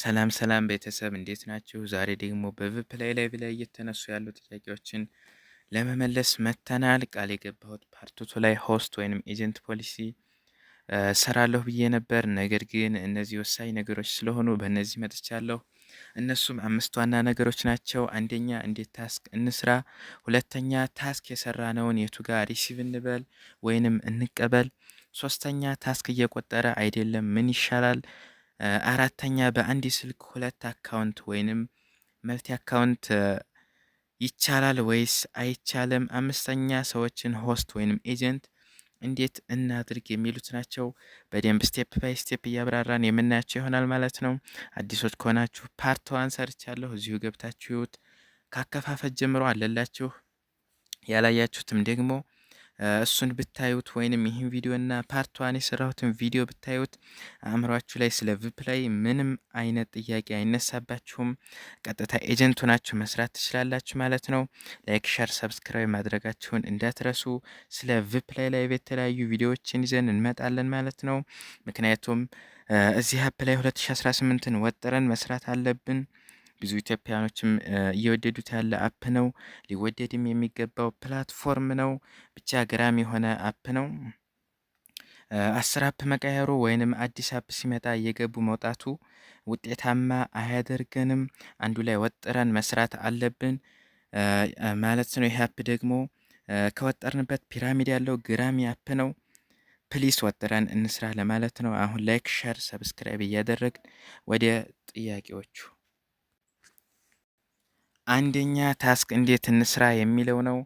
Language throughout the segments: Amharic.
ሰላም ሰላም ቤተሰብ እንዴት ናችሁ? ዛሬ ደግሞ በቪፕላይ ላይ ላይ እየተነሱ ያሉ ጥያቄዎችን ለመመለስ መተናል። ቃል የገባሁት ፓርቱቱ ላይ ሆስት ወይንም ኤጀንት ፖሊሲ ሰራለሁ ብዬ ነበር። ነገር ግን እነዚህ ወሳኝ ነገሮች ስለሆኑ በእነዚህ መጥቻለሁ። እነሱም አምስት ዋና ነገሮች ናቸው። አንደኛ እንዴት ታስክ እንስራ፣ ሁለተኛ ታስክ የሰራ ነውን የቱ ጋር ሪሲቭ እንበል ወይንም እንቀበል፣ ሶስተኛ ታስክ እየቆጠረ አይደለም ምን ይሻላል፣ አራተኛ በአንድ ስልክ ሁለት አካውንት ወይንም መልቲ አካውንት ይቻላል ወይስ አይቻልም? አምስተኛ ሰዎችን ሆስት ወይንም ኤጀንት እንዴት እናድርግ የሚሉት ናቸው። በደንብ ስቴፕ ባይ ስቴፕ እያብራራን የምናያቸው ይሆናል ማለት ነው። አዲሶች ከሆናችሁ ፓርት ዋን ሰርቻለሁ፣ እዚሁ ገብታችሁት ካከፋፈት ጀምሮ አለላችሁ። ያላያችሁትም ደግሞ እሱን ብታዩት ወይንም ይህን ቪዲዮ እና ፓርቷን የሰራሁትን ቪዲዮ ብታዩት አእምሯችሁ ላይ ስለ ቪፕላይ ምንም አይነት ጥያቄ አይነሳባችሁም። ቀጥታ ኤጀንቱ ናችሁ መስራት ትችላላችሁ ማለት ነው። ላይክ፣ ሸር፣ ሰብስክራይብ ማድረጋችሁን እንዳትረሱ። ስለ ቪፕላይ ላይ የተለያዩ ቪዲዮዎችን ይዘን እንመጣለን ማለት ነው። ምክንያቱም እዚህ አፕ ላይ 2018ን ወጥረን መስራት አለብን። ብዙ ኢትዮጵያኖችም እየወደዱት ያለ አፕ ነው። ሊወደድም የሚገባው ፕላትፎርም ነው። ብቻ ገራሚ የሆነ አፕ ነው። አስር አፕ መቀየሩ ወይንም አዲስ አፕ ሲመጣ እየገቡ መውጣቱ ውጤታማ አያደርገንም። አንዱ ላይ ወጥረን መስራት አለብን ማለት ነው። ይህ አፕ ደግሞ ከወጠርንበት ፒራሚድ ያለው ግራሚ አፕ ነው። ፕሊስ ወጥረን እንስራ ለማለት ነው። አሁን ላይክ፣ ሸር፣ ሰብስክራይብ እያደረግን ወደ ጥያቄዎቹ አንደኛ ታስክ እንዴት እንስራ የሚለው ነው።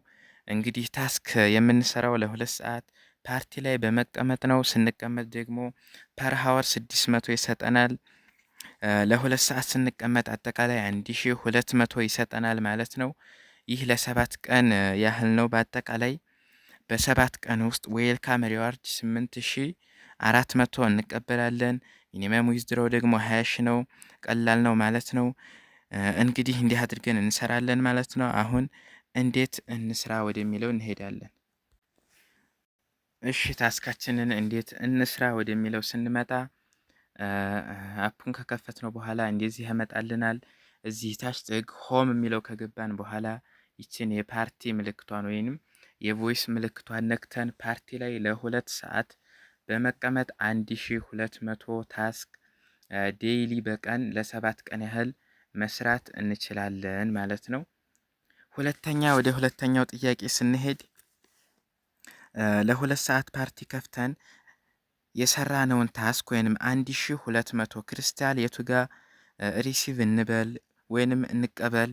እንግዲህ ታስክ የምንሰራው ለሁለት ሰዓት ፓርቲ ላይ በመቀመጥ ነው። ስንቀመጥ ደግሞ ፐር ሀወር ስድስት መቶ ይሰጠናል። ለሁለት ሰዓት ስንቀመጥ አጠቃላይ አንድ ሺ ሁለት መቶ ይሰጠናል ማለት ነው። ይህ ለሰባት ቀን ያህል ነው። በአጠቃላይ በሰባት ቀን ውስጥ ዌልካም ሪዋርድ ስምንት ሺ አራት መቶ እንቀበላለን። ሚኒመም ዊዝድሮው ደግሞ ሀያ ሺህ ነው። ቀላል ነው ማለት ነው። እንግዲህ እንዲህ አድርገን እንሰራለን ማለት ነው። አሁን እንዴት እንስራ ወደሚለው እንሄዳለን። እሺ ታስካችንን እንዴት እንስራ ወደሚለው ስንመጣ አፑን ከከፈትነው በኋላ እንደዚህ ያመጣልናል። እዚህ ታች ጥግ ሆም የሚለው ከገባን በኋላ ይችን የፓርቲ ምልክቷን ወይንም የቮይስ ምልክቷን ነክተን ፓርቲ ላይ ለሁለት ሰዓት በመቀመጥ አንድ ሺህ ሁለት መቶ ታስክ ዴይሊ በቀን ለሰባት ቀን ያህል መስራት እንችላለን ማለት ነው። ሁለተኛ ወደ ሁለተኛው ጥያቄ ስንሄድ ለሁለት ሰዓት ፓርቲ ከፍተን የሰራነውን ታስክ ወይንም አንድ ሺህ ሁለት መቶ ክርስታል የቱጋ ሪሲቭ እንበል ወይንም እንቀበል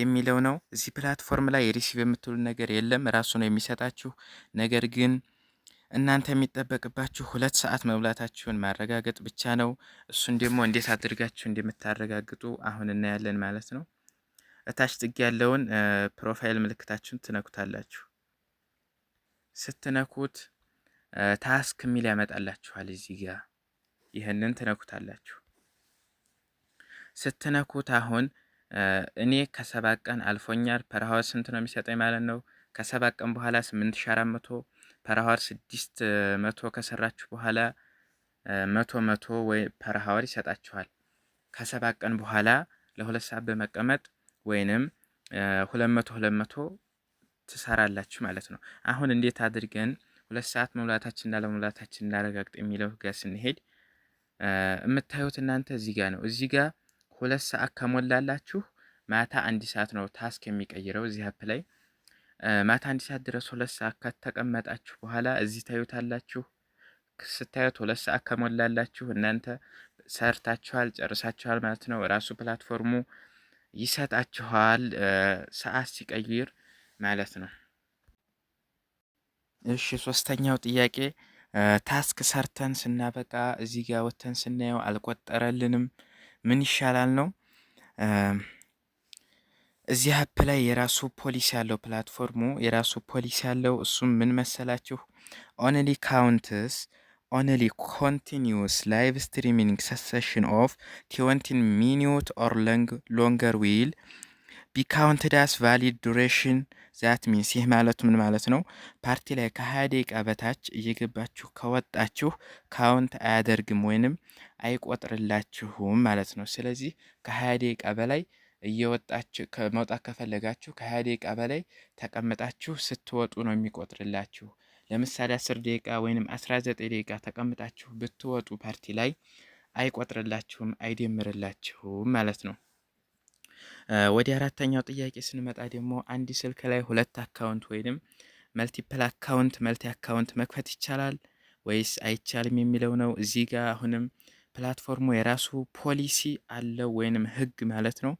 የሚለው ነው። እዚህ ፕላትፎርም ላይ ሪሲቭ የምትሉ ነገር የለም ራሱ ነው የሚሰጣችሁ ነገር ግን እናንተ የሚጠበቅባችሁ ሁለት ሰዓት መብላታችሁን ማረጋገጥ ብቻ ነው። እሱን ደግሞ እንዴት አድርጋችሁ እንደምታረጋግጡ አሁን እናያለን ማለት ነው። እታች ጥግ ያለውን ፕሮፋይል ምልክታችሁን ትነኩታላችሁ። ስትነኩት ታስክ የሚል ያመጣላችኋል። እዚህ ጋ ይህንን ትነኩታላችሁ። ስትነኩት አሁን እኔ ከሰባት ቀን አልፎኛል። ፐርሃወር ስንት ነው የሚሰጠኝ ማለት ነው? ከሰባት ቀን በኋላ ስምንት ሺ አራት መቶ ፐርሃዋር ስድስት መቶ ከሰራችሁ በኋላ መቶ መቶ ወይ ፐርሃዋር ይሰጣችኋል። ከሰባት ቀን በኋላ ለሁለት ሰዓት በመቀመጥ ወይንም ሁለት መቶ ሁለት መቶ ትሰራላችሁ ማለት ነው። አሁን እንዴት አድርገን ሁለት ሰዓት መሙላታችን እና ለመሙላታችን እናረጋግጥ የሚለው ጋር ስንሄድ የምታዩት እናንተ እዚህ ጋር ነው። እዚህ ጋር ሁለት ሰዓት ከሞላላችሁ ማታ አንድ ሰዓት ነው ታስክ የሚቀይረው እዚህ አፕ ላይ ማታ አንድ ሰዓት ድረስ ሁለት ሰዓት ከተቀመጣችሁ በኋላ እዚህ ታዩታላችሁ። ስታዩት ሁለት ሰዓት ከሞላላችሁ እናንተ ሰርታችኋል፣ ጨርሳችኋል ማለት ነው። ራሱ ፕላትፎርሙ ይሰጣችኋል ሰዓት ሲቀይር ማለት ነው። እሺ ሶስተኛው ጥያቄ ታስክ ሰርተን ስናበቃ እዚህ ጋር ወተን ስናየው አልቆጠረልንም፣ ምን ይሻላል ነው። እዚህ አፕ ላይ የራሱ ፖሊሲ ያለው ፕላትፎርሙ የራሱ ፖሊሲ ያለው እሱም ምን መሰላችሁ? ኦንሊ ካውንትስ ኦንሊ ኮንቲኒስ ላይቭ ስትሪሚንግ ሰሰሽን ኦፍ ትዌንቲ ሚኒት ኦር ሎንገር ዊል ቢካውንትዳስ ቫሊድ ዱሬሽን ዛት ሚንስ። ይህ ማለቱ ምን ማለት ነው? ፓርቲ ላይ ከሀያ ደቂቃ በታች እየገባችሁ ከወጣችሁ ካውንት አያደርግም ወይንም አይቆጥርላችሁም ማለት ነው። ስለዚህ ከሀያ ደቂቃ በላይ እየወጣችሁ መውጣት ከፈለጋችሁ ከሀያ ደቂቃ በላይ ተቀምጣችሁ ስትወጡ ነው የሚቆጥርላችሁ። ለምሳሌ አስር ደቂቃ ወይንም አስራ ዘጠኝ ደቂቃ ተቀምጣችሁ ብትወጡ ፓርቲ ላይ አይቆጥርላችሁም፣ አይደምርላችሁም ማለት ነው። ወደ አራተኛው ጥያቄ ስንመጣ ደግሞ አንድ ስልክ ላይ ሁለት አካውንት ወይንም መልቲፕል አካውንት መልቲ አካውንት መክፈት ይቻላል ወይስ አይቻልም የሚለው ነው። እዚህ ጋር አሁንም ፕላትፎርሙ የራሱ ፖሊሲ አለው ወይንም ህግ ማለት ነው።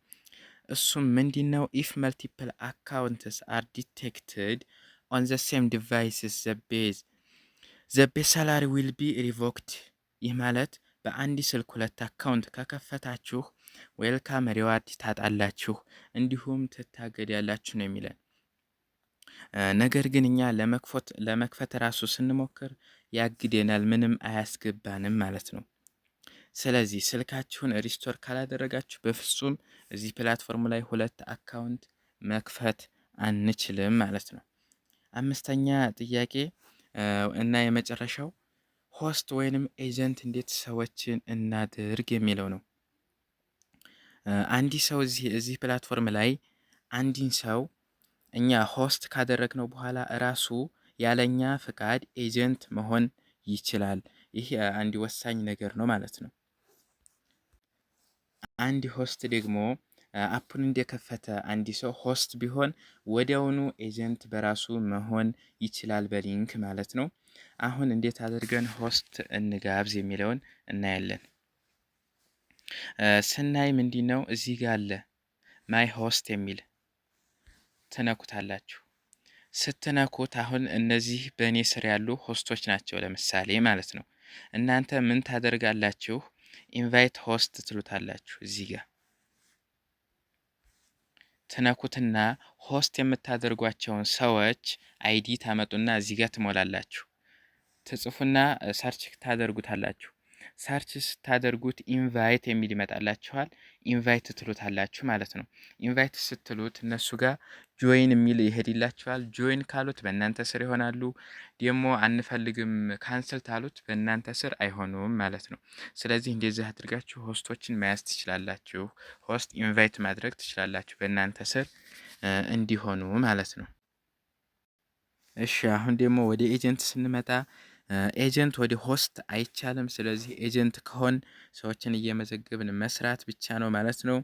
እሱም ምንድን ነው? ኢፍ መልቲፕል አካውንትስ አር ዲቴክትድ ኦን ዘ ሴም ዲቫይስስ ዘ ቤዝ ሳላሪ ዊል ቢ ሪቮክድ። ይህ ማለት በአንድ ስልክ ሁለት አካውንት ከከፈታችሁ ዌልካም ሪዋርድ ታጣላችሁ፣ እንዲሁም ትታገዳላችሁ ነው የሚለን ነገር ግን እኛ ለመክፈት ራሱ ስንሞክር ያግደናል፣ ምንም አያስገባንም ማለት ነው። ስለዚህ ስልካችሁን ሪስቶር ካላደረጋችሁ በፍጹም እዚህ ፕላትፎርም ላይ ሁለት አካውንት መክፈት አንችልም ማለት ነው። አምስተኛ ጥያቄ እና የመጨረሻው ሆስት ወይንም ኤጀንት እንዴት ሰዎችን እናድርግ የሚለው ነው። አንዲ ሰው እዚህ ፕላትፎርም ላይ አንዲን ሰው እኛ ሆስት ካደረግነው በኋላ እራሱ ያለኛ ፍቃድ ኤጀንት መሆን ይችላል። ይህ አንድ ወሳኝ ነገር ነው ማለት ነው። አንድ ሆስት ደግሞ አፑን እንደከፈተ አንድ ሰው ሆስት ቢሆን ወዲያውኑ ኤጀንት በራሱ መሆን ይችላል በሊንክ ማለት ነው። አሁን እንዴት አድርገን ሆስት እንጋብዝ የሚለውን እናያለን። ስናይ ምንድ ነው እዚህ ጋር አለ ማይ ሆስት የሚል ትነኩታላችሁ። ስትነኩት አሁን እነዚህ በእኔ ስር ያሉ ሆስቶች ናቸው ለምሳሌ ማለት ነው። እናንተ ምን ታደርጋላችሁ? ኢንቫይት ሆስት ትሉታላችሁ እዚህ ጋር ትነኩትና ሆስት የምታደርጓቸውን ሰዎች አይዲ ታመጡና እዚህ ጋር ትሞላላችሁ። ትጽፉና ሰርች ታደርጉታላችሁ። ሰርች ስታደርጉት ኢንቫይት የሚል ይመጣላችኋል። ኢንቫይት ትሉታላችሁ ማለት ነው። ኢንቫይት ስትሉት እነሱ ጋር ጆይን የሚል ይሄድላችኋል። ጆይን ካሉት በእናንተ ስር ይሆናሉ። ደግሞ አንፈልግም ካንስል ታሉት በእናንተ ስር አይሆኑም ማለት ነው። ስለዚህ እንደዚህ አድርጋችሁ ሆስቶችን መያዝ ትችላላችሁ። ሆስት ኢንቫይት ማድረግ ትችላላችሁ በእናንተ ስር እንዲሆኑ ማለት ነው። እሺ አሁን ደግሞ ወደ ኤጀንት ስንመጣ ኤጀንት ወደ ሆስት አይቻልም። ስለዚህ ኤጀንት ከሆን ሰዎችን እየመዘገብን መስራት ብቻ ነው ማለት ነው።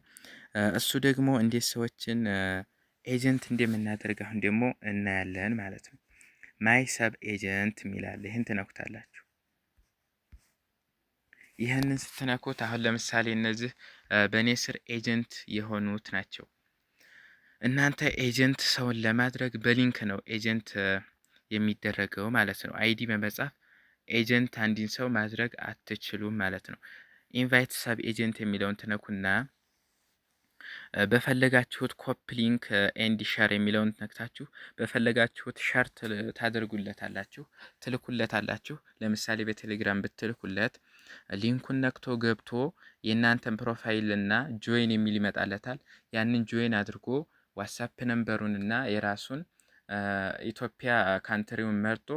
እሱ ደግሞ እንዴት ሰዎችን ኤጀንት እንደምናደርግ አሁን ደግሞ እናያለን ማለት ነው። ማይ ሰብ ኤጀንት የሚል ይህን ትነኩታላችሁ። ይህንን ስትነኩት አሁን ለምሳሌ እነዚህ በእኔ ስር ኤጀንት የሆኑት ናቸው። እናንተ ኤጀንት ሰውን ለማድረግ በሊንክ ነው ኤጀንት የሚደረገው ማለት ነው። አይዲ በመጻፍ ኤጀንት አንድን ሰው ማድረግ አትችሉም ማለት ነው። ኢንቫይት ሰብ ኤጀንት የሚለውን ትነኩና በፈለጋችሁት ሊንክ ኤንድ ሸር የሚለውን ነክታችሁ በፈለጋችሁት ሸር ታደርጉለታላችሁ፣ ትልኩለታላችሁ። ለምሳሌ በቴሌግራም ብትልኩለት ሊንኩን ነክቶ ገብቶ የእናንተን ፕሮፋይል እና ጆይን የሚል ይመጣለታል። ያንን ጆይን አድርጎ ዋትሳፕ ነንበሩን እና የራሱን ኢትዮጵያ ካንትሪውን መርጦ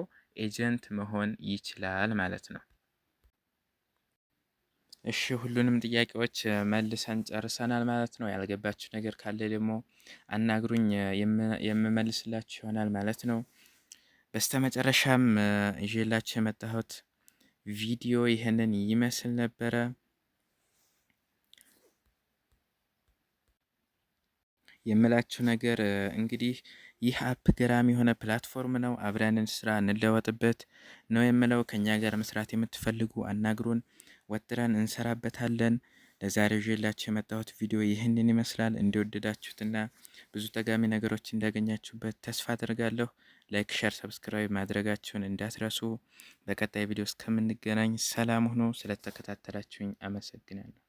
ኤጀንት መሆን ይችላል ማለት ነው። እሺ ሁሉንም ጥያቄዎች መልሰን ጨርሰናል ማለት ነው። ያልገባችሁ ነገር ካለ ደግሞ አናግሩኝ የምመልስላችሁ ይሆናል ማለት ነው። በስተመጨረሻም ይዤላችሁ የመጣሁት ቪዲዮ ይህንን ይመስል ነበረ። የምላችሁ ነገር እንግዲህ ይህ አፕ ገራሚ የሆነ ፕላትፎርም ነው። አብረን ስራ እንለወጥበት ነው የምለው። ከኛ ጋር መስራት የምትፈልጉ አናግሩን፣ ወጥረን እንሰራበታለን። ለዛሬ ይዤላችሁ የመጣሁት ቪዲዮ ይህንን ይመስላል። እንደወደዳችሁትና ብዙ ጠቃሚ ነገሮች እንዳገኛችሁበት ተስፋ አድርጋለሁ። ላይክ፣ ሸር፣ ሰብስክራይብ ማድረጋችሁን እንዳትረሱ። በቀጣይ ቪዲዮ እስከምንገናኝ ሰላም ሁኑ። ስለተከታተላችሁኝ አመሰግናለሁ።